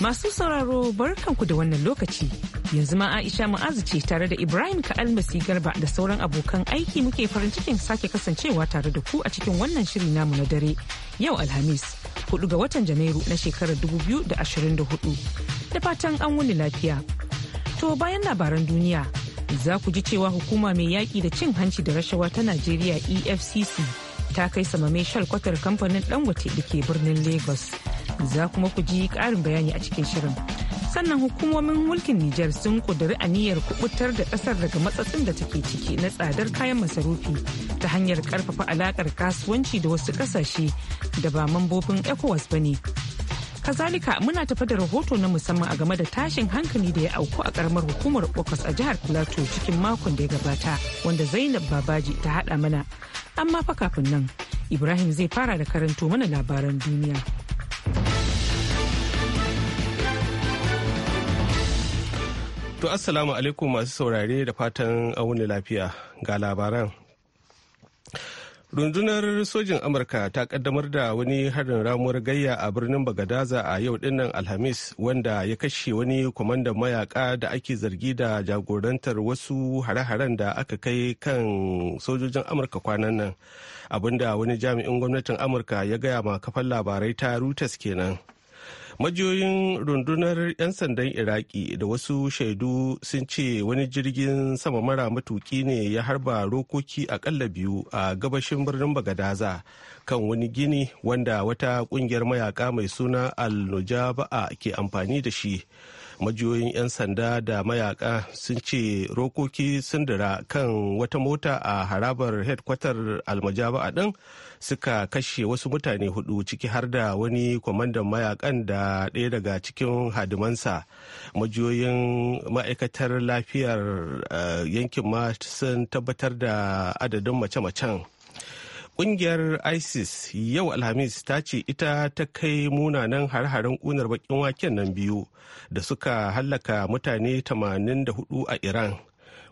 Masu sauraro barkanku da wannan lokaci. Yanzu ma Aisha Mu'azu ce tare da Ibrahim Almasi Garba da sauran abokan aiki muke farin cikin sake kasancewa tare da ku a cikin wannan shiri namu na dare. Yau Alhamis, hudu ga watan Janairu na shekarar 2024. Da fatan an wuni lafiya. To bayan labaran duniya, za ku ji cewa hukuma mai yaƙi da cin hanci da rashawa ta Najeriya EFCC ta kai samame shalkwatar kamfanin Dangote da ke birnin Lagos. za kuma ku ji ƙarin bayani a cikin shirin. Sannan hukumomin mulkin Nijar sun ƙudiri aniyar kubutar da ƙasar daga matsatsin da take ciki na tsadar kayan masarufi ta hanyar ƙarfafa alaƙar kasuwanci da wasu ƙasashe da ba mambobin ECOWAS ba ne. Kazalika muna tafa da rahoto na musamman a game da tashin hankali da ya auku a karamar hukumar Bokos a jihar Plateau cikin makon da ya gabata wanda Zainab Babaji ta haɗa mana. Amma fa kafin nan, Ibrahim zai fara da karanto mana labaran duniya. To assalamu alaikum masu saurare da fatan auni lafiya ga labaran. Rundunar sojin Amurka ta kaddamar da wani harin ramuwar gayya a birnin Bagadaza a yau dinnan Alhamis wanda ya kashe wani kwamandan mayaka da ake zargi da jagorantar wasu hare-haren da aka kai kan sojojin Amurka kwanan nan. Abinda wani jami'in gwamnatin Amurka ya gaya ma kafan labarai ta Reuters kenan. majiyoyin rundunar 'yan sandan iraki da wasu shaidu sun ce wani jirgin sama mara matuki ne ya harba rokoki akalla biyu a gabashin birnin bagadaza kan wani gini wanda wata kungiyar mayaka mai suna al-nujaba'a ke amfani da shi majiyoyin 'yan sanda da mayaka sun ce rokoki sundura kan wata mota a harabar headkwatar almajaba ɗin suka kashe wasu mutane hudu ciki har da wani kwamandan mayakan da ɗaya daga cikin hadimansa majiyoyin ma'aikatar lafiyar eh, yankin ma sun tabbatar da adadin mace-macen Kungiyar ISIS yau Alhamis ta ce ita ta kai munanan har-haren ƙunar bakin waken nan biyu da suka hallaka mutane 84 a Iran.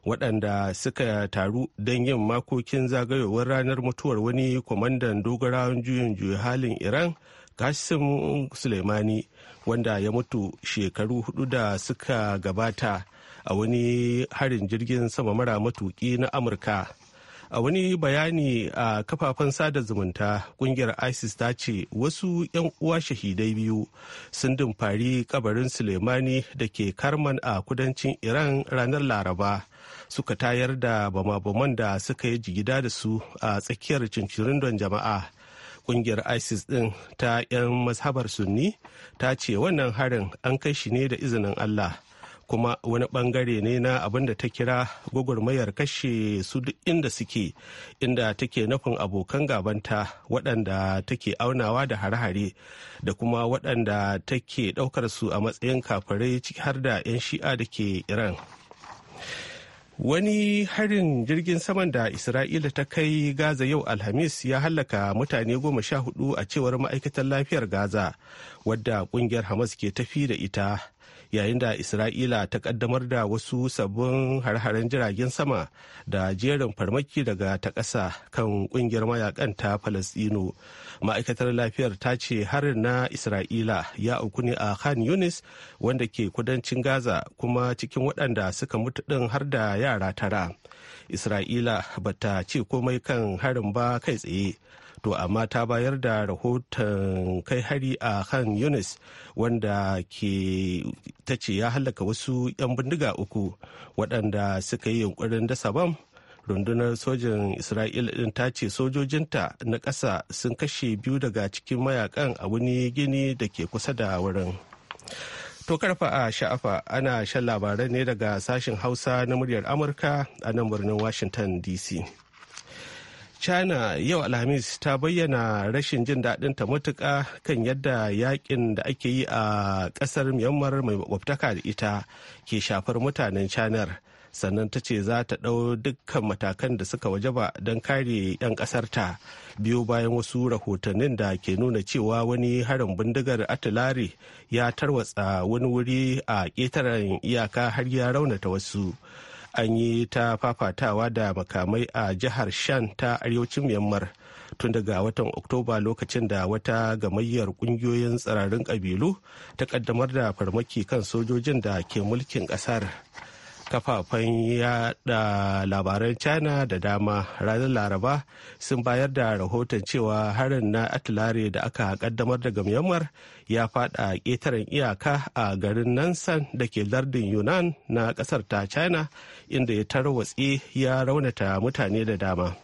waɗanda suka taru don yin makokin zagayowar ranar mutuwar wani kwamandan dogarawan juyin juya halin iran qasim suleimani wanda ya mutu shekaru hudu da suka gabata a wani harin jirgin sama mara matuki na amurka a wani bayani a kafafen sada zumunta kungiyar isis ta ce wasu 'yan uwa shahidai biyu sun dumfari kabarin suleimani da ke karman a kudancin iran ranar laraba suka tayar da bama-baman da suka yi jigida da su a tsakiyar cincirindon jama'a kungiyar isis din ta 'yan mazhabar sunni ta ce wannan harin an kai shi ne da izinin allah kuma wani bangare ne na abin da ta kira gwagwarmayar kashe su duk inda suke inda take nufin abokan gabanta waɗanda take aunawa da hare-hare da kuma waɗanda take ɗaukar su a matsayin kafirai ciki har da 'yan shi'a da ke iran wani harin jirgin saman da isra'ila ta kai gaza yau alhamis ya hallaka mutane goma sha hudu a cewar ma'aikatar lafiyar gaza wadda kungiyar hamas ke tafi da ita yayin da isra'ila ta kaddamar da wasu sabbin har-haren jiragen sama da jerin farmaki daga ta ƙasa kan ƙungiyar mayakan ta ma'aikatar lafiyar ta ce harin na isra'ila ya auku ne a khan yunis wanda ke kudancin gaza kuma cikin waɗanda suka mutu ɗin har da yara tara isra'ila bata ce komai kan harin ba kai tsaye to amma ta bayar da rahoton kai hari a kan Yunis wanda ke ta ce ya halaka wasu 'yan bindiga uku waɗanda suka yi yunkurin dasa bam rundunar sojin isra'ila din ta ce sojojinta na ƙasa sun kashe biyu daga cikin mayakan a wani gini da ke kusa da wurin to karfa a sha'afa ana shan labarai ne daga sashen hausa na muryar amurka a nan birnin washington dc china yau alhamis ta bayyana rashin jin daɗin ta matuƙa kan yadda yakin da ake yi a ƙasar myanmar mai makwabtaka da ita ke shafar mutanen canar sannan ta ce za ta ɗau dukkan matakan da suka wajaba don kare 'yan ƙasarta biyu bayan wasu rahotannin da ke nuna cewa wani harin bindigar atilari ya tarwatsa wani wuri a ƙetaren iyaka har ya raunata wasu an yi ta fafatawa da makamai a jihar shan ta arewacin myanmar tun daga watan oktoba lokacin da wata gamayyar kungiyoyin tsirarin kabilu ta kaddamar da farmaki kan sojojin da ke mulkin kasar kafafen yada labaran china da dama ranar laraba sun bayar da rahoton cewa harin na atilare da aka kaddamar daga myanmar ya fada ƙetaren iyaka a garin nansan da ke lardin yunan na ƙasar ta china inda ya tarwatse ya raunata mutane da dama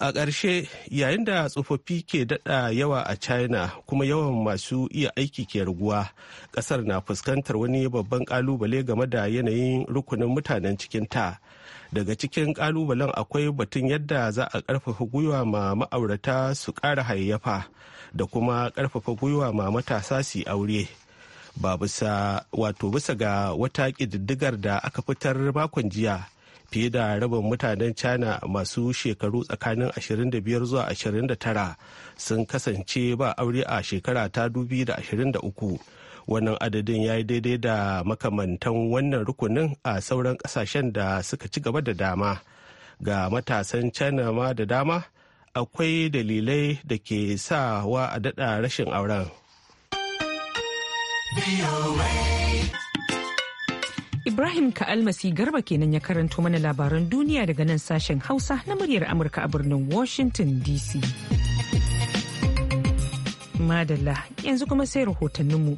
a ƙarshe yayin da tsofaffi ke daɗa yawa a china kuma yawan masu iya aiki ke raguwa ƙasar na fuskantar wani babban ƙalubale game da yanayin rukunin mutanen cikin ta daga cikin ƙalubalen akwai batun yadda za a ƙarfafa gwiwa ma ma'aurata su ƙara hayayyafa da kuma ƙarfafa gwiwa ma matasa su aure ba bisa wato bisa ga wata ƙididdigar da aka fitar makon jiya fiye da rabin mutanen china masu shekaru tsakanin 25 zuwa 29 sun kasance ba aure a shekara ta 2023 wannan adadin ya yi daidai da makamantan wannan rukunin a sauran kasashen da suka ci gaba da dama ga matasan china ma da dama akwai dalilai da ke sa wa a daɗa rashin auren. Ibrahim Ka'almasi Garba kenan ya karanto mana labaran duniya daga nan sashen Hausa na muryar Amurka a birnin Washington DC. Madalla yanzu kuma sai rahotanninmu. mu.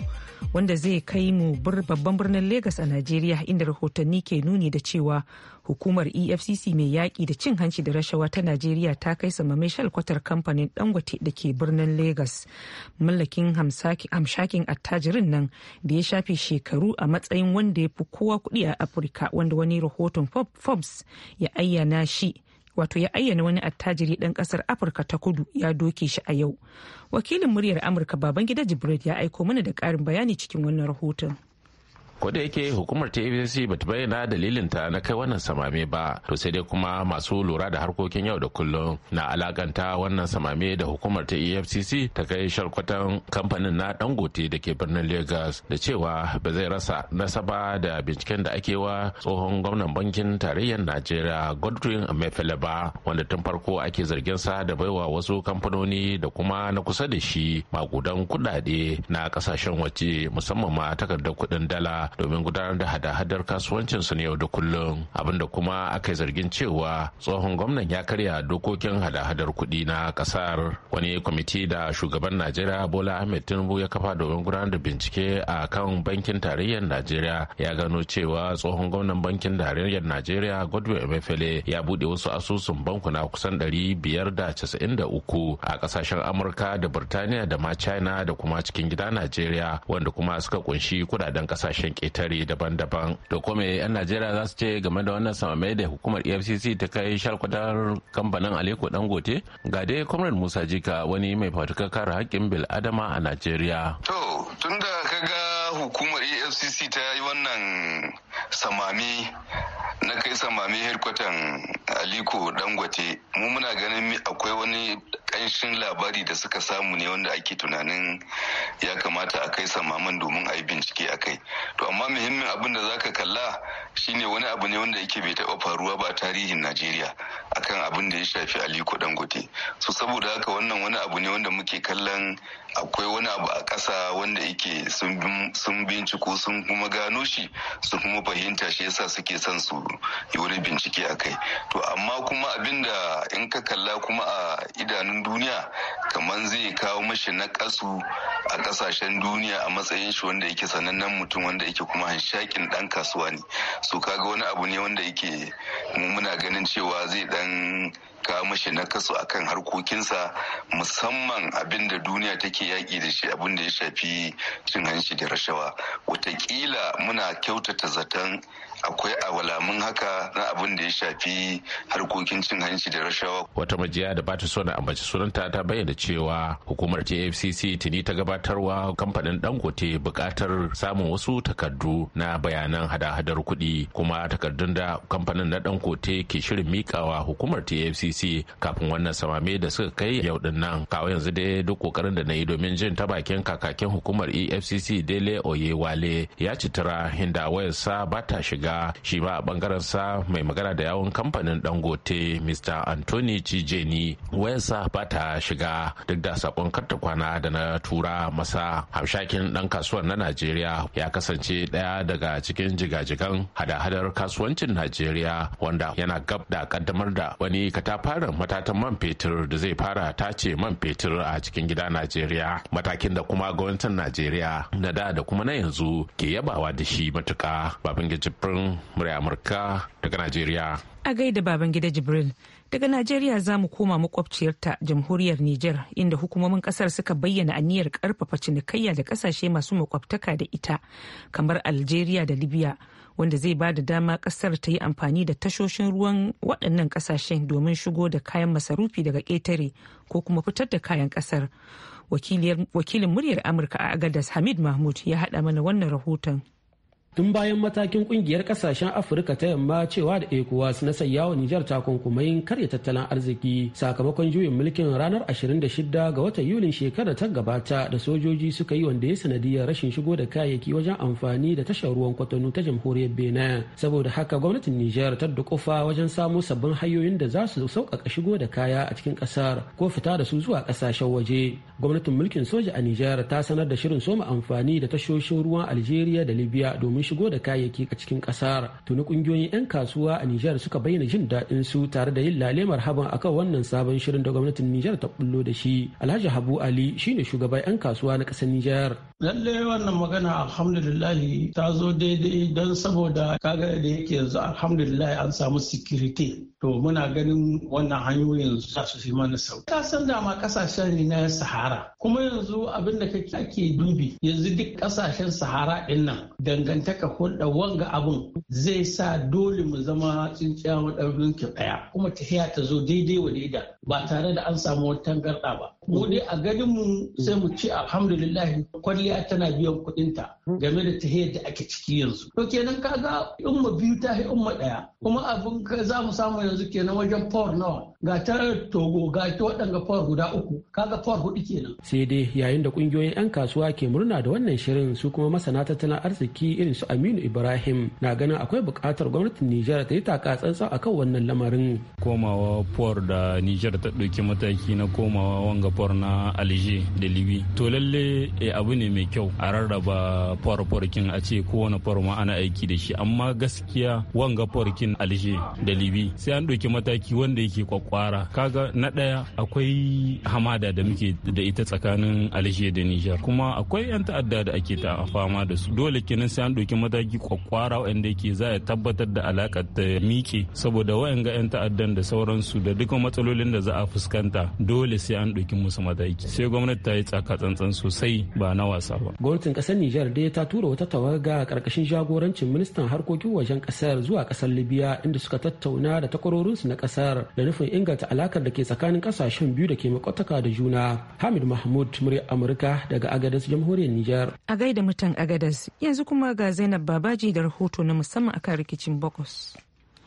wanda zai kai mu babban birnin Legas a Najeriya inda rahotanni ke nuni da cewa hukumar EFCC mai yaƙi da cin hanci da rashawa ta Najeriya ta kai samamai shalkwatar kamfanin ɗan Dangote da ke birnin Legas. Mallakin hamshakin attajirin nan da ya shafe shekaru a matsayin wanda ya fi kowa kuɗi a Afirka wanda wani rahoton Forbes ya ayyana shi wato ya ayyana wani attajiri ɗan ƙasar afirka ta kudu ya doke shi a yau wakilin muryar amurka babangida jibril ya aiko mana da ƙarin bayani cikin wannan rahoton ko da yake hukumar ta efcc ba ta bayyana dalilin ta na kai wannan samame ba to sai dai kuma masu lura da harkokin yau da kullum na alakanta wannan samame da hukumar ta efcc ta kai sharkwatan kamfanin na dangote da ke birnin lagos da cewa ba zai rasa nasaba da binciken da ake wa tsohon gwamnan bankin tarayyar najeriya godwin amefele ba wanda tun farko ake zargin sa da baiwa wasu kamfanoni da kuma na kusa da shi magudan kudade na kasashen waje musamman ma takardar kudin dala domin gudanar da hada-hadar kasuwancinsu na yau da kullum abinda kuma aka yi zargin cewa tsohon gwamnan ya karya dokokin hada-hadar kuɗi na ƙasar wani kwamiti da shugaban najeriya bola ahmed tinubu ya kafa domin gudanar da bincike a kan bankin tarayyar najeriya ya gano cewa tsohon gwamnan bankin tarayyar najeriya godwin emefiele ya buɗe wasu asusun bankuna kusan ɗari biyar da da casa'in uku a ƙasashen amurka da birtaniya da ma china da kuma cikin gida najeriya wanda kuma suka kunshi kudaden ƙasashen ƙetare daban-daban da kuma 'yan najeriya za su ce game da wannan samame da hukumar efcc ta kai shalkwatar kamfanin aliko dangote ga dai musa jika wani mai fatukar kare haƙƙin adama a najeriya to tun da ga hukumar efcc ta yi wannan samami na kai samami herkwatan aliko dangote mu muna ganin akwai wani kanshin labari da suka samu ne wanda ake tunanin ya kamata a kai samamin domin a yi bincike a kai to amma muhimmin abin da za ka kalla shine wani abu ne wanda yake bai taɓa faruwa ba a tarihin najeriya akan abin da ya shafi aliko dangote su saboda haka wannan wani abu ne wanda muke kallon akwai wani abu a ƙasa wanda yake sun binciko sun kuma gano shi su kuma fahimta shi yasa suke son su yi wani bincike a kai to amma kuma abinda in ka kalla kuma a idanun duniya kamar zai kawo mashi na kasu a kasashen duniya a matsayin shi wanda yake sanannen mutum wanda yake kuma hanshakin dan kasuwa ne so ga wani abu ne wanda yake mu muna ganin cewa zai dan kawo mashi na a akan harkokinsa musamman abin da duniya take yaƙi da shi abin da ya shafi cin hanci da rashawa watakila muna kyautata zaton akwai awalamun haka na abin da ya shafi harkokin cin hanci da rashawa. Wata majiya da ba ta so na ambaci sunanta ta bayyana cewa hukumar TFCC tuni ta gabatarwa kamfanin Dangote buƙatar samun wasu takardu na bayanan hada-hadar kuɗi kuma takardun da kamfanin na Dangote ke shirin mikawa hukumar TFCC kafin wannan samame da suka kai yau din nan. Kawo yanzu dai duk kokarin da na yi domin jin ta bakin kakakin hukumar EFCC Dele Oyewale ya citara hinda wayarsa ba ta shiga abuja shi ma a bangaren sa mai magana da yawon kamfanin dangote mr anthony cijeni wayansa ba ta shiga duk da sakon karta kwana da na tura masa hamshakin dan kasuwan na najeriya ya kasance daya daga cikin jigajigan hada-hadar kasuwancin najeriya wanda yana gab da kaddamar da wani katafaren matatan man fetur da zai fara tace man fetur a cikin gida najeriya matakin da kuma gwamnatin najeriya na da da kuma na yanzu ke yabawa da shi matuka babin gajifin murya Amurka daga Najeriya. A gaida baban gida Jibril. Daga Najeriya za mu koma makwabciyarta jamhuriyar Nijar inda hukumomin kasar suka bayyana aniyar karfafa cinikayya da kasashe masu makwabtaka da ita kamar Algeria da Libya wanda zai ba da dama kasar ta yi amfani da tashoshin ruwan waɗannan kasashen domin shigo da kayan masarufi daga ƙetare ko kuma fitar da kayan ƙasar Wakilin muryar Amurka a Agadas Hamid Mahmud ya haɗa mana wannan rahoton. tun bayan matakin kungiyar kasashen afirka ta yamma cewa da ecowas na wa nijar takunkumai karya tattalin arziki sakamakon juyin mulkin ranar 26 ga watan yulin shekarar ta gabata da sojoji suka yi wanda ya sanadiyar rashin shigo da kayayyaki wajen amfani da tashar ruwan kwatano ta jamhuriyar benin saboda haka gwamnatin nijar ta dukufa wajen samo sabbin hanyoyin da za su sauƙaƙa shigo da kaya a cikin ƙasar ko fita da su zuwa ƙasashen waje gwamnatin mulkin soja a nijar ta sanar da shirin soma amfani da tashoshin ruwan algeria da libya domin domin shigo da kayayyaki a cikin kasar tuni kungiyoyin 'yan kasuwa a Nijar suka bayyana jin daɗin su tare da yin lalle marhaban akan wannan sabon shirin da gwamnatin Nijar ta bullo da shi Alhaji Habu Ali shine shugaban 'yan kasuwa na ƙasar Nijar Lallai wannan magana alhamdulillahi ta zo daidai don saboda kaga da yake yanzu alhamdulillahi an samu sikiriti. To muna ganin wannan hanyoyin za su fi mana sauki. Ka san dama kasashen ne na Sahara. Kuma yanzu abin da kake ake dubi yanzu duk kasashen Sahara din nan dangantaka hulɗa wanga abun zai sa dole mu zama tsintsiya ɗan rinkin ɗaya. Kuma tafiya ta zo daidai wa daida. ba tare da an samu wata tangarɗa ba. Mu dai a ganin mu sai mu ce alhamdulillah kwalliya tana biyan kuɗinta. game da ta da ake ciki yanzu. To kenan kaga umma biyu ta yi umma ɗaya kuma abin ka za mu samu yanzu kenan wajen power nawa ga ta togo ga ta waɗanga power guda uku kaga power huɗu kenan. Sai dai yayin da ƙungiyoyin 'yan kasuwa ke murna da wannan shirin su kuma masana tattalin arziki irin su Aminu Ibrahim na ganin akwai buƙatar gwamnatin Nijar ta yi taka tsantsan kan wannan lamarin. Komawa por da Nijar ta ɗauki mataki na komawa wanga por na Alger da Libi. To lalle eh, abu ne mai kyau a rarraba farfarkin a ce kowane farma ana aiki da shi amma gaskiya wanga farkin alje da libi sai an ɗauki mataki wanda yake kwakwara kaga na ɗaya akwai hamada da muke da ita tsakanin alje da nijar kuma akwai 'yan ta'adda da ake ta fama da su dole kenan sai an ɗauki mataki kwakwara wanda yake za a tabbatar da alaka ta mike saboda ga 'yan ta'addan da sauransu da duka matsalolin da za a fuskanta dole sai an ɗauki musu mataki sai gwamnati ta yi tsaka tsantsan sosai ba na wasa ba gwamnatin ƙasar nijar dai dai ta tura wata tawaga karkashin jagorancin ministan harkokin wajen ƙasar zuwa ƙasar libya inda suka tattauna da takwarorinsu na ƙasar da nufin inganta alakar da ke tsakanin ƙasashen biyu da ke makwataka da juna hamid mahmud murya amurka daga agadas jamhuriyar niger a gaida mutan agadas yanzu kuma ga zainab babaji da rahoto na musamman akan rikicin bokos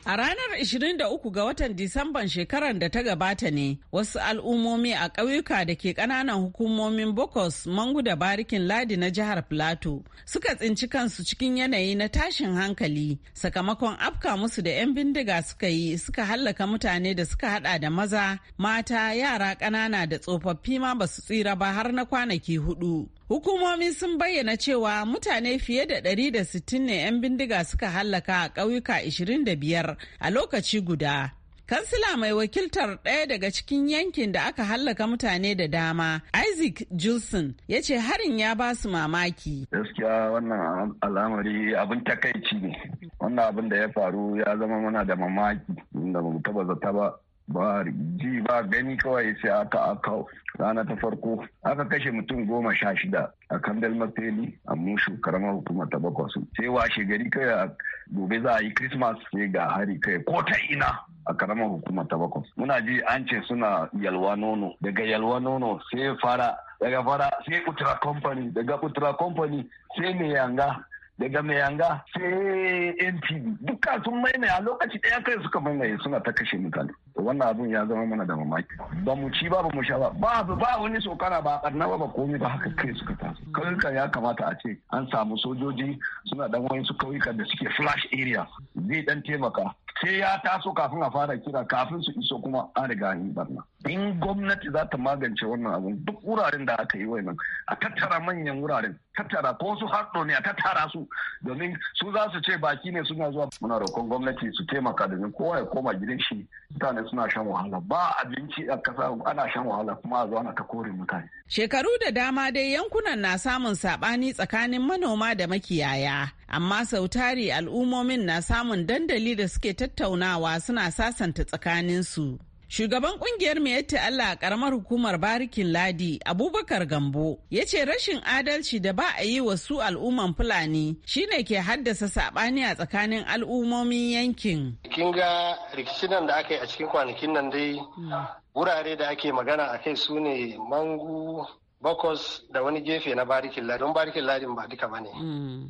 A ranar 23 ga watan Disamban shekarar da ta gabata ne, wasu al'ummomi a ƙauyuka da ke ƙananan hukumomin Bokos, Mangu da Barikin Ladi na jihar Filato suka tsinci kansu cikin yanayi na tashin hankali sakamakon afka musu da 'yan bindiga suka yi suka hallaka mutane da suka hada da maza, mata, yara ƙanana da tsofaffi ma ba su tsira ba har na kwanaki hudu. Hukumomi sun bayyana cewa mutane fiye da 160 ne 'yan bindiga suka hallaka a ƙauyuka 25 a lokaci guda. Kansila mai wakiltar ɗaya daga cikin yankin da aka hallaka mutane da dama, Isaac Jilson ya ce harin ya ba su mamaki. Gaskiya wannan al'amari abin takaici ne. Wannan abin da ya faru ya zama mana da mamaki da mu taba zata ba. ba ji ba gani kawai sai aka aka rana ta farko aka kashe mutum goma sha shida a kandal marteli a mushu karamar hukuma ta su sai washe gari kai gobe za a yi christmas sai ga hari kai ko ta ina a karamar hukuma ta bakwai muna ji an ce suna yalwa nono daga yalwa nono sai fara daga fara sai utra company daga utra company sai mai yanga daga mai yanga sai NTV duka sun maimai a lokaci ɗaya kai suka maimai suna ta kashe mutane wannan abun ya zama mana da mamaki ba mu ci ba ba mu sha ba ba ba wani sokara ba barna ba ba komai ba haka kai suka taso kawai ya kamata a ce an samu sojoji suna dan wani su kauyuka da suke flash area zai dan taimaka sai ya taso kafin a fara kira kafin su iso kuma an riga yi barna in gwamnati za ta magance wannan abun duk wuraren da aka yi wannan a tattara manyan wuraren tattara ko su haɗo ne a tattara su domin su za su ce baki ne suna zuwa muna roƙon gwamnati su taimaka domin kowa ya koma gidan shi mutane suna shan wahala ba abinci a kasa ana shan wahala kuma a zo ana ta kore mutane. shekaru da dama dai yankunan na samun saɓani tsakanin manoma da makiyaya amma sau tari al'ummomin na samun dandali da suke tattaunawa suna sasanta tsakaninsu. Shugaban kungiyar yatta Allah a karamar hukumar Barikin Ladi, Abubakar Gambo, ya ce rashin adalci da ba a yi wa su al'umman Fulani shine ke haddasa saɓani a tsakanin al'ummomin yankin. Kin ga rikicinan da aka yi a cikin kwanakin nan dai hmm. wurare da ake magana a kai su Mangu, Bokos da wani gefe na Barikin Ladi, don Barikin Ladin ba duka ba ne. Hmm.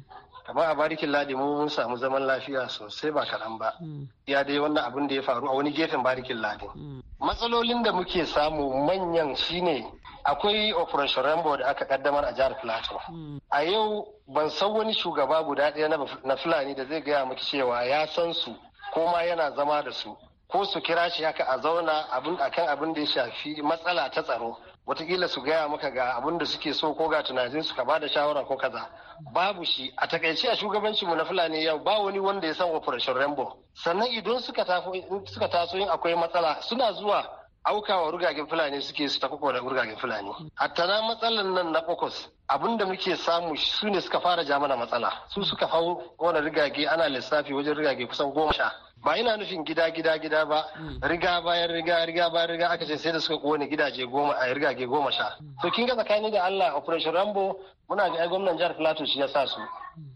amma a barikin ladi mu mun samu zaman lafiya sosai ba kaɗan ba. Mm. Ya dai wannan abin da ya faru a wani gefen barikin ladi. Mm. Matsalolin da muke samu manyan shine akwai operation rambo da aka kaddamar a jihar plateau mm. a yau ban san wani shugaba guda ɗaya na fulani da zai gaya miki cewa ya san su ko ma yana zama da su ko su kira shi haka a zauna akan abin da ya shafi matsala ta tsaro watakila su gaya maka ga abin da suke so ko ga tunanin su ka ba da shawara ko kaza babu shi a takaice a shugabancinmu mu na fulani yau ba wani wanda ya san operation rainbow sannan idan suka taso in akwai matsala suna zuwa aukawa rugagen fulani suke su ta da rugagen fulani hatta na matsalan nan na kokos abin da muke samu su ne suka fara ja mana matsala su suka hau kona rigage ana lissafi wajen rigage kusan goma sha ba ina nufin gida gida gida ba hmm. riga bayan riga riga bayan riga aka ce sai da suka kone gidaje goma a rigage goma sha to kin ga tsakani da Allah operation rambo muna ga ai gwamnan jihar Plateau shi ya sa su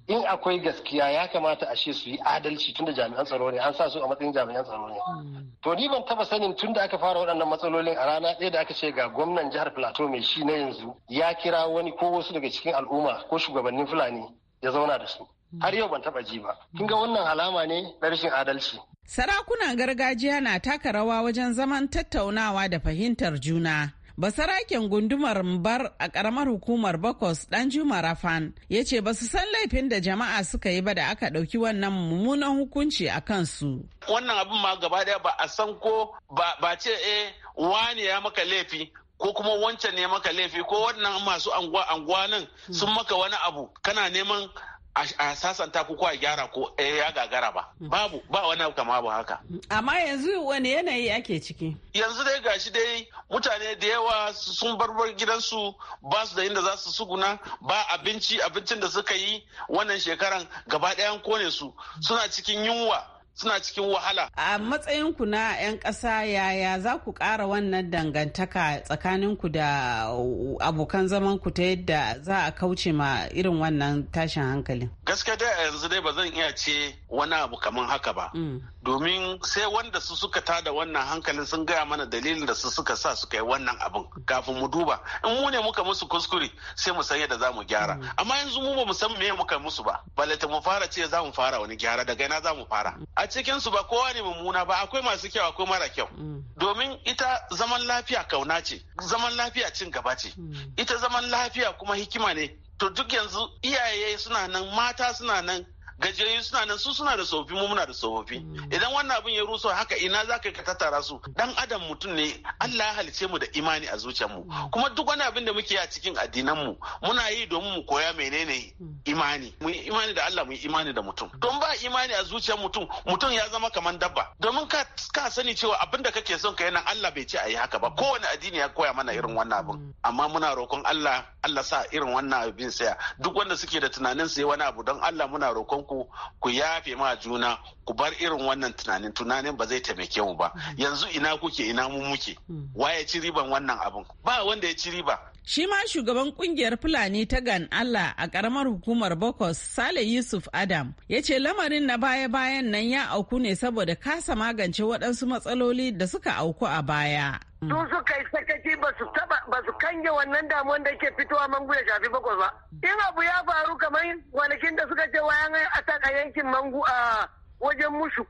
in akwai gaskiya ya kamata ashe su yi adalci tunda jami'an tsaro ne an sa su a matsayin jami'an tsaro ne to ni ban taba sanin tunda aka fara waɗannan matsalolin a rana ɗaya da aka ce ga gwamnan jihar plateau mai shi na yanzu ya kira wani ko wasu daga cikin al'umma ko shugabannin fulani ya zauna da su har yau ban taba ji ba kin ga wannan alama ne na rashin adalci sarakunan gargajiya na taka rawa wajen zaman tattaunawa da fahimtar juna basaraken gundumar mbar a karamar hukumar bakos dan juma rafan ya ce ba san laifin da jama'a suka yi ba da aka ɗauki wannan mummunan hukunci a kansu wannan abin ma gaba daya ba a san ko ba ce eh wani ya maka laifi ko kuma wancan ne maka laifi ko wannan masu anguwa anguwanin hmm. sun maka wani abu kana neman a sasanta ko a gyara ko eh, ya gagara ba mm. babu ba wani abu kama ba haka mm. amma yanzu wani yanayi ake ciki yanzu dai gashi dai mutane da yawa sun barbar gidansu ba su da inda za su suguna ba abinci abincin da suka yi wannan shekaran gaba ɗayan kone su mm. suna cikin yunwa suna cikin wahala. A matsayin ku na 'yan ƙasa yaya za ku ƙara wannan dangantaka tsakanin ku da abokan zaman ku ta yadda za a kauce ma irin wannan tashin hankalin? Gaskiya dai a yanzu dai ba zan iya ce wani abu kamar haka ba. Mm. Domin sai wanda su suka tada wannan hankalin sun gaya mana dalilin da su suka sa suka yi wannan abin kafin mu duba. In mu ne muka musu kuskure sai mu san yadda za mu gyara. Mm. Amma yanzu mu ba mu san me muka musu ba. Balata mu fara ce za mu fara wani gyara daga ina za mu fara. a cikinsu ba kowa ne mummuna ba akwai masu kyau akwai mara kyau mm. domin ita zaman lafiya kauna ce zaman lafiya cin gaba ce mm. ita zaman lafiya kuma hikima ne to duk yanzu iyaye suna nan mata suna nan gajiyayyu suna nan su suna da tsofaffi mu muna da tsofaffi mm. idan wannan abin ya ruso haka ina za ka tattara su dan adam mutum ne Allah ya halice mu da imani a zuciyar mu mm. kuma duk wani abin da muke a cikin addinan mu muna yi domin mu koya menene mm. imani mu imani da Allah mu imani da mutum don ba imani a zuciyar mutum mutum ya zama kamar dabba domin ka ka sani cewa abin da kake son ka yana Allah bai ce a yi haka ba kowane addini ya koya mana irin wannan abin amma muna roƙon Allah Allah sa irin wannan abin saya duk wanda suke da tunanin sai wani abu don Allah muna roƙon ku ku yafe ma juna ku bar irin wannan tunanin tunanin ba zai taimake mu ba mm. yanzu ina kuke ina mu muke mm. waye ci riban wannan abin ba wanda ya ci riba shi ma shugaban kungiyar fulani ta gan allah a karamar hukumar bokos sale yusuf adam ya ce lamarin na baya-bayan nan ya auku ne saboda kasa magance waɗansu matsaloli da suka auku a baya Mm. su suka yi sakaci ba su taba kange wannan damuwan da ke fitowa mangu ya shafi bakwai ba mm. in abu ya faru kamar kwanakin da suka ce wayan attack a yankin mangu a wajen mushu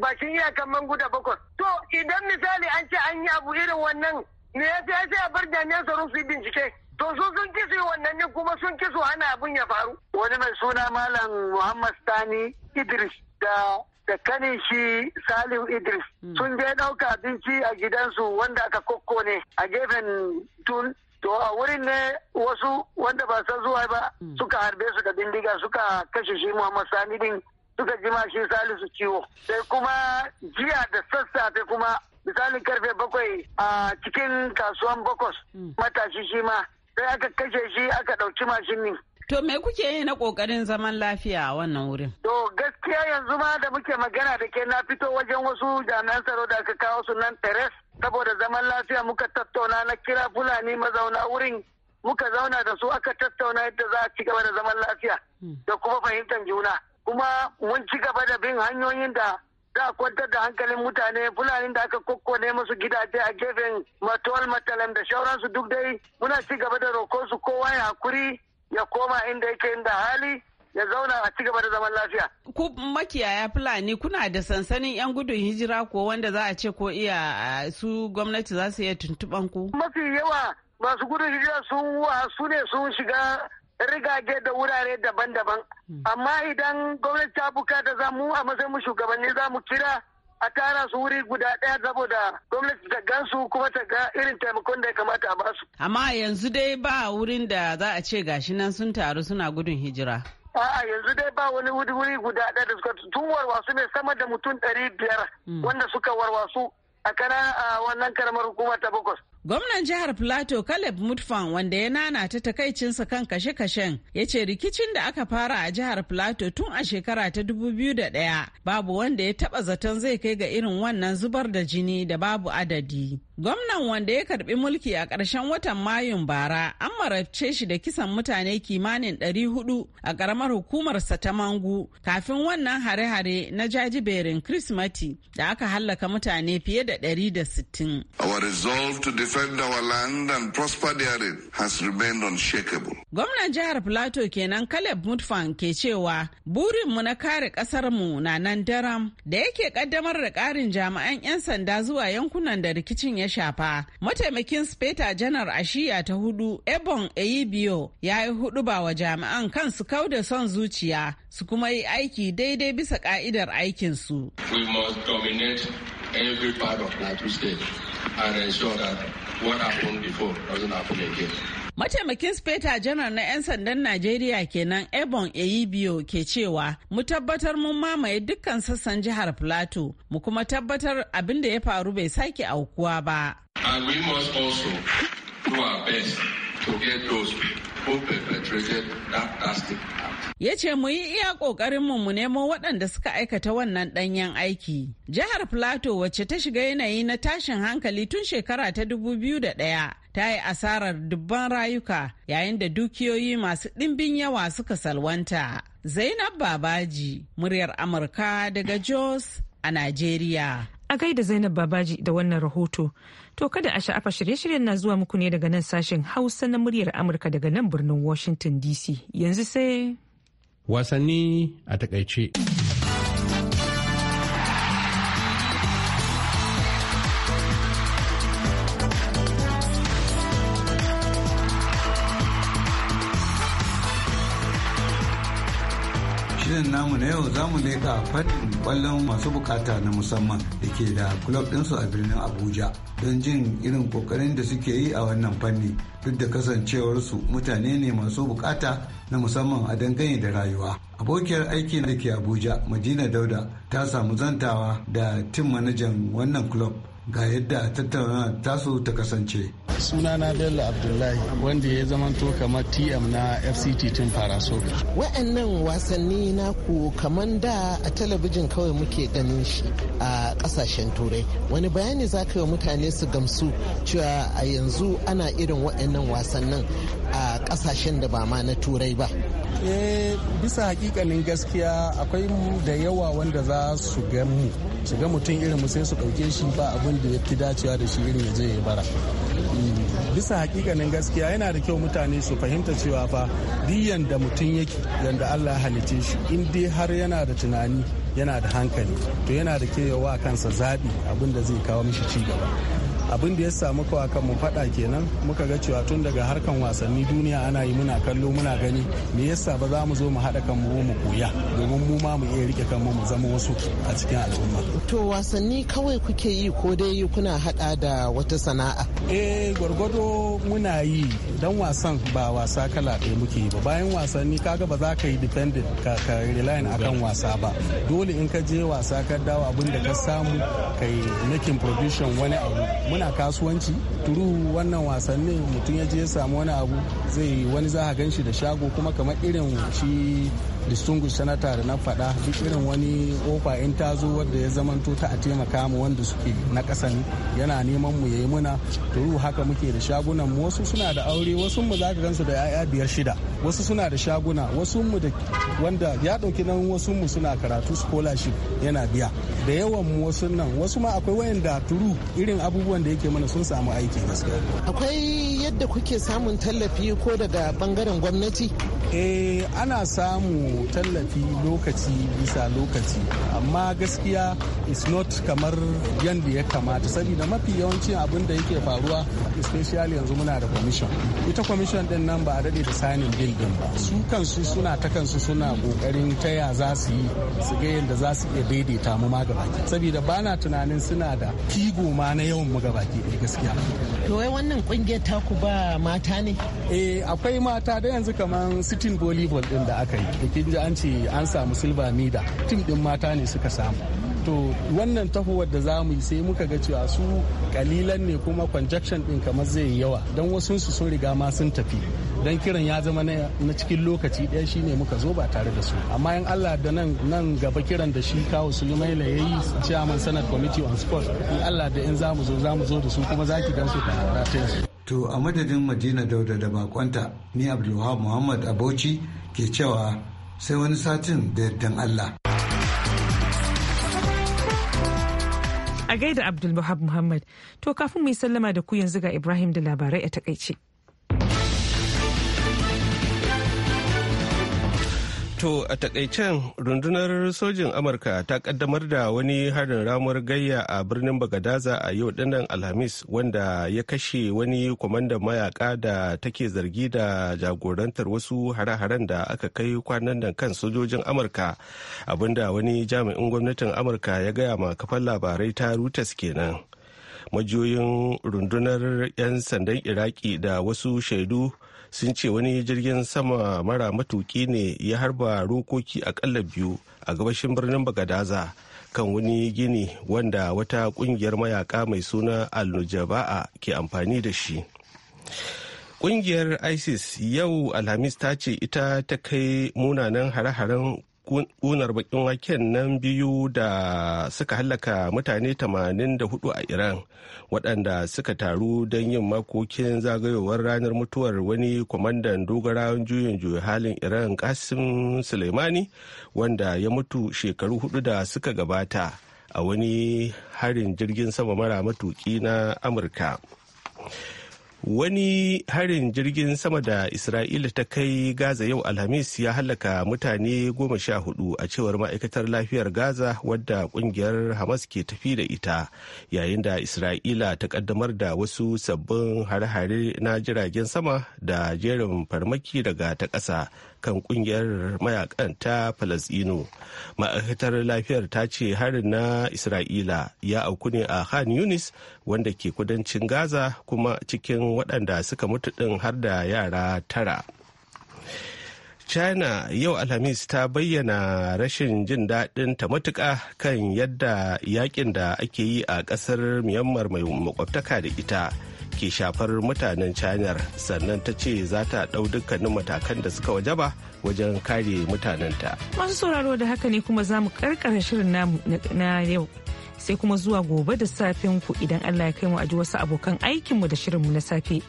bakin iyakan mangu da bakwai to idan misali an ce an yi abu irin wannan ne ya sai sai a bar jami'an tsaro su yi bincike to su sun kisu wannan ne kuma sun kisu hana abin ya faru wani mai suna malam muhammad sani idris da da kanin shi Salim Idris hmm. sun je ɗauka abinci a gidansu wanda aka kokko ne a gefen tun to a wurin ne wasu wanda ba san zuwa ba hmm. suka harbe su da bindiga suka kashe shi Muhammad Sani din suka jima shi Salisu ciwo sai kuma jiya da sassafe kuma misalin karfe bakwai a cikin kasuwan Bokos. Hmm. matashi shi ma sai aka kashe shi aka ɗauki mashin ne. To me kuke yi na ƙoƙarin zaman lafiya a wannan wurin? To gaskiya yanzu ma da muke magana da ke na fito wajen wasu jami'an tsaro da aka kawo su nan teres saboda zaman lafiya muka tattauna na kira fulani mazauna wurin muka zauna da su aka tattauna yadda za a ci gaba da zaman lafiya hmm. da kuma fahimtar juna kuma mun ci gaba da bin hanyoyin da za a kwantar da hankalin mutane fulani da aka kokkone musu gidaje a gefen matuwal matalam da shauransu duk dai muna ci gaba da roƙon su kowa ya hakuri ya koma inda yake inda hali ya zauna a cigaba da zaman lafiya. Ku makiyaya Fulani kuna da sansanin 'yan gudun hijira ko wanda za a ce ko iya su gwamnati za su iya tuntuɓan ku? Mafi yawa masu gudun hijira sun su ne sun shiga rigage da wurare daban-daban. Hmm. Amma idan gwamnati ta bukata za mu a matsayin mu shugabanni za mu kira a tara su wuri guda ɗaya saboda gwamnati ta gansu kuma ta ga irin taimakon da ya kamata a basu. Amma yanzu dai ba wurin da za a ce gashi nan sun taru suna gudun hijira. A'a yanzu dai ba wani wuri guda ɗaya da suka tun warwasu ne sama da mutum ɗari biyar hmm. wanda suka warwasu a kana a wannan karamar hukuma ta bakwas. Gwamnan jihar Plateau Caleb Mutfan wanda ya nana ta takaicinsa kan kashe-kashen ya ce rikicin da aka fara a jihar Plateau tun a shekara ta 2001 babu wanda ya taba zaton zai kai ga irin wannan zubar da jini da babu adadi. Gwamnan wanda ya karbi mulki a ƙarshen watan Mayun bara an marabce shi da kisan mutane kimanin 400 a ƙaramar hukumarsa ta Mangu kafin wannan hare-hare na jajiberin Kirsimati da aka hallaka mutane fiye da 160. da defend our land and prosper therein has remained unshakable. Gwamnan jihar Plateau kenan Caleb Mutfan ke cewa burinmu na kare mu na nan daram da yake kaddamar da karin jami'an 'yan sanda zuwa yankunan da rikicin ya shafa. Mataimakin Speta Janar Ashiya ta hudu Ebon Eyibio ya yi hudu ba wa jami'an kansu kau da son zuciya su kuma yi aiki daidai bisa ka'idar aikinsu. We must dominate every part of Plateau and ensure that what happened before doesn't happen again. Mataimakin Speta Janar na 'yan sandan Najeriya kenan Ebon Eyibio ke cewa mu tabbatar mun mamaye dukkan sassan jihar Plateau mu kuma tabbatar abin da ya faru bai sake aukuwa ba. And we must also do our best to get those who perpetrated that drastic ya ce mu yi iya ƙoƙarinmu mu nemo waɗanda suka aikata wannan ɗanyen aiki. Jihar Plato wacce ta shiga yanayi na tashin hankali tun shekara ta dubu biyu da ɗaya ta yi asarar dubban rayuka yayin da dukiyoyi masu ɗimbin yawa suka salwanta. Zainab Babaji, muryar Amurka daga Jos a Najeriya. A gaida Zainab Babaji da wannan rahoto. To kada a sha'afa shirye-shiryen na zuwa muku ne daga nan sashen Hausa na muryar Amurka daga nan birnin Washington DC. Yanzu sai wasanni a takaice. shirin namu na yau zamu leƙa fannin kwallon masu bukata na musamman da ke da kulob ɗinsu a birnin Abuja don jin irin kokarin da suke yi a wannan fanni duk da kasancewarsu mutane ne masu bukata na musamman a dangane da rayuwa. Abokiyar aiki da ke Abuja Madina Dauda ta samu zantawa da tim manajan wannan kulob ga yadda tattauna tasu ta kasance. sunana bello abdullahi wanda ya zama zamanto kamar tm na fct tun fara faraso wa'annan wasanni na ku kamar da a talabijin kawai muke ganin shi a kasashen turai wani bayani za ka yi mutane su gamsu cewa a yanzu ana irin wa'annan wasannin a kasashen da ba ma na turai ba eh bisa hakikanin gaskiya akwai da yawa wanda za su gamu su ga mutum irin mu sai su ɗauke shi ba abin da ya fi dacewa da shi irin ya je ya bara mm. bisa hakikanin gaskiya yana da kyau mutane su fahimta cewa fa duk yanda mutum yake yanda Allah halice shi in dai har yana da tunani yana da hankali to yana da kewa kansa zaɓi abin da zai kawo mishi ci gaba abin da ya samu kawa kan mu faɗa kenan muka ga cewa tun daga harkan wasanni duniya ana yi muna kallo muna gani me yasa ba za mu zo mu haɗa kan mu mu koya domin mu ma mu iya rike kan mu zama wasu a cikin al'umma to wasanni kawai kuke yi ko dai kuna haɗa da wata sana'a eh gwargwado muna yi dan wasan ba wasa kala ɗaya muke yi ba bayan wasanni kaga ba za ka yi dependent ka ka relying akan wasa ba dole in ka je wasa ka dawo abin da ka samu kai making provision wani abu muna yana kasuwanci turu wannan wasannin mutum ya je ya samu wani abu zai wani za a gan shi da shago kuma kamar irin shi distinguished senator da na faɗa duk irin wani kofa in ta zo wadda ya zamanto ta a taimaka mu wanda suke na ƙasa yana neman mu yayi muna to haka muke da shagunan mu wasu suna da aure wasu mu za ka gansu da 'ya'ya biyar shida wasu suna da shaguna wasu mu da wanda ya ɗauki nan wasu mu suna karatu scholarship yana biya da yawan mu wasu nan wasu ma akwai wayanda turu irin abubuwan da yake mana sun samu aiki gaskiya akwai yadda kuke samun tallafi ko daga bangaren gwamnati eh ana samu tallafi lokaci bisa lokaci amma gaskiya is not kamar yadda ya kamata saboda mafi yawancin abin da yake faruwa especially yanzu muna da commission ita commission din nan ba a daɗe da sanin bildin din ba su kansu suna ta kansu suna kokarin taya za su yi su ga yadda za su iya daidaita mu ma gabaki saboda bana tunanin suna da kigo ma na yawan mu gaba gaskiya to wai wannan kungiyar taku ba mata ne eh akwai mata da yanzu kamar sitin volleyball din da aka yi kin ji an ce an samu silver medal tim din mata ne suka samu to wannan tahowar da za mu yi sai muka ga cewa su kalilan ne kuma conjection din kamar zai yi yawa don wasu su sun riga ma sun tafi don kiran ya zama na cikin lokaci ɗaya ne muka zo ba tare da su amma yan allah da nan nan gaba kiran da shi kawo sulumaila ya yi chairman senate committee on sport in allah da in za mu zo za mu zo da su kuma za ki gan su ta su To a madadin Madina Dauda da bakonta ni Abdulwahab Muhammad Abauchi ke cewa sai wani satin da yardan Allah. A gaida Abdulwahab Muhammad, to kafin mu sallama da ku yanzu ga Ibrahim da labarai a takaice. To a takaicen rundunar sojin Amurka ta kaddamar da wani harin ramuwar gayya a birnin Bagadaza a yau dinnan Alhamis wanda ya kashe wani kwamandan mayaka da take zargi da jagorantar wasu hare-haren da aka kai kwanan da kan sojojin Amurka abinda wani jami'in gwamnatin Amurka ya gaya ma kafan labarai ta rutas kenan. majiyoyin rundunar 'yan sandan iraki da wasu shaidu sun ce wani jirgin sama mara matuki ne ya harba rokoki akalla biyu a gabashin birnin bagadaza kan wani gini wanda wata kungiyar mayaka mai suna alnujaba'a ke amfani da shi kungiyar isis yau alhamis ta ce ita ta kai munanan hare-haren kunar bakin waken nan biyu da suka hallaka mutane 84 a iran waɗanda suka taru don yin makokin zagayowar ranar mutuwar wani kwamandan dogara juyin juya halin iran kasim suleimani wanda ya mutu shekaru hudu da suka gabata a wani harin jirgin sama mara matuki na amurka wani harin jirgin sama da isra'ila ta kai gaza yau alhamis ya halaka mutane goma sha hudu a cewar ma'aikatar lafiyar gaza wadda kungiyar hamas ke tafi da ita yayin da isra'ila ta kaddamar da wasu sabbin hare-hare na jiragen sama da jerin farmaki daga ta ƙasa kan kungiyar mayakan ta falasino ma'aikatar lafiyar ta ce harin na isra'ila ya auku ne a khan yunis wanda ke kudancin gaza kuma cikin waɗanda suka mutu ɗin har da yara tara china yau alhamis ta bayyana rashin jin daɗin ta matuƙa kan yadda yakin da ake yi a ƙasar myanmar mai makwabtaka da ita ke shafar mutanen china sannan ta ce za ta ɗau dukkanin matakan da suka wajaba wajen kare mutanenta. masu sauraro da haka ne kuma zamu karkara shirin namu na yau sai kuma zuwa gobe da safen ku idan Allah ya kai mu aji wasu abokan mu da shirinmu na safe.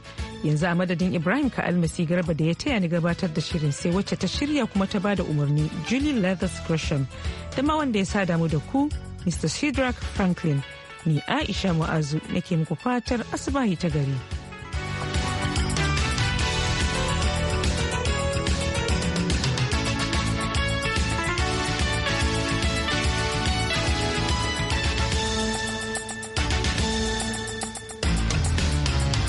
Yanzu a madadin Ibrahim ka almasi garba da ya taya ni gabatar da shirin sai wacce ta shirya kuma ta bada umarni Julie Leathers Gresham da ma wanda ya sa damu da ku Mr. Shedrack Franklin. ni aisha ma'azu nake muku fatar asibahi ta gari.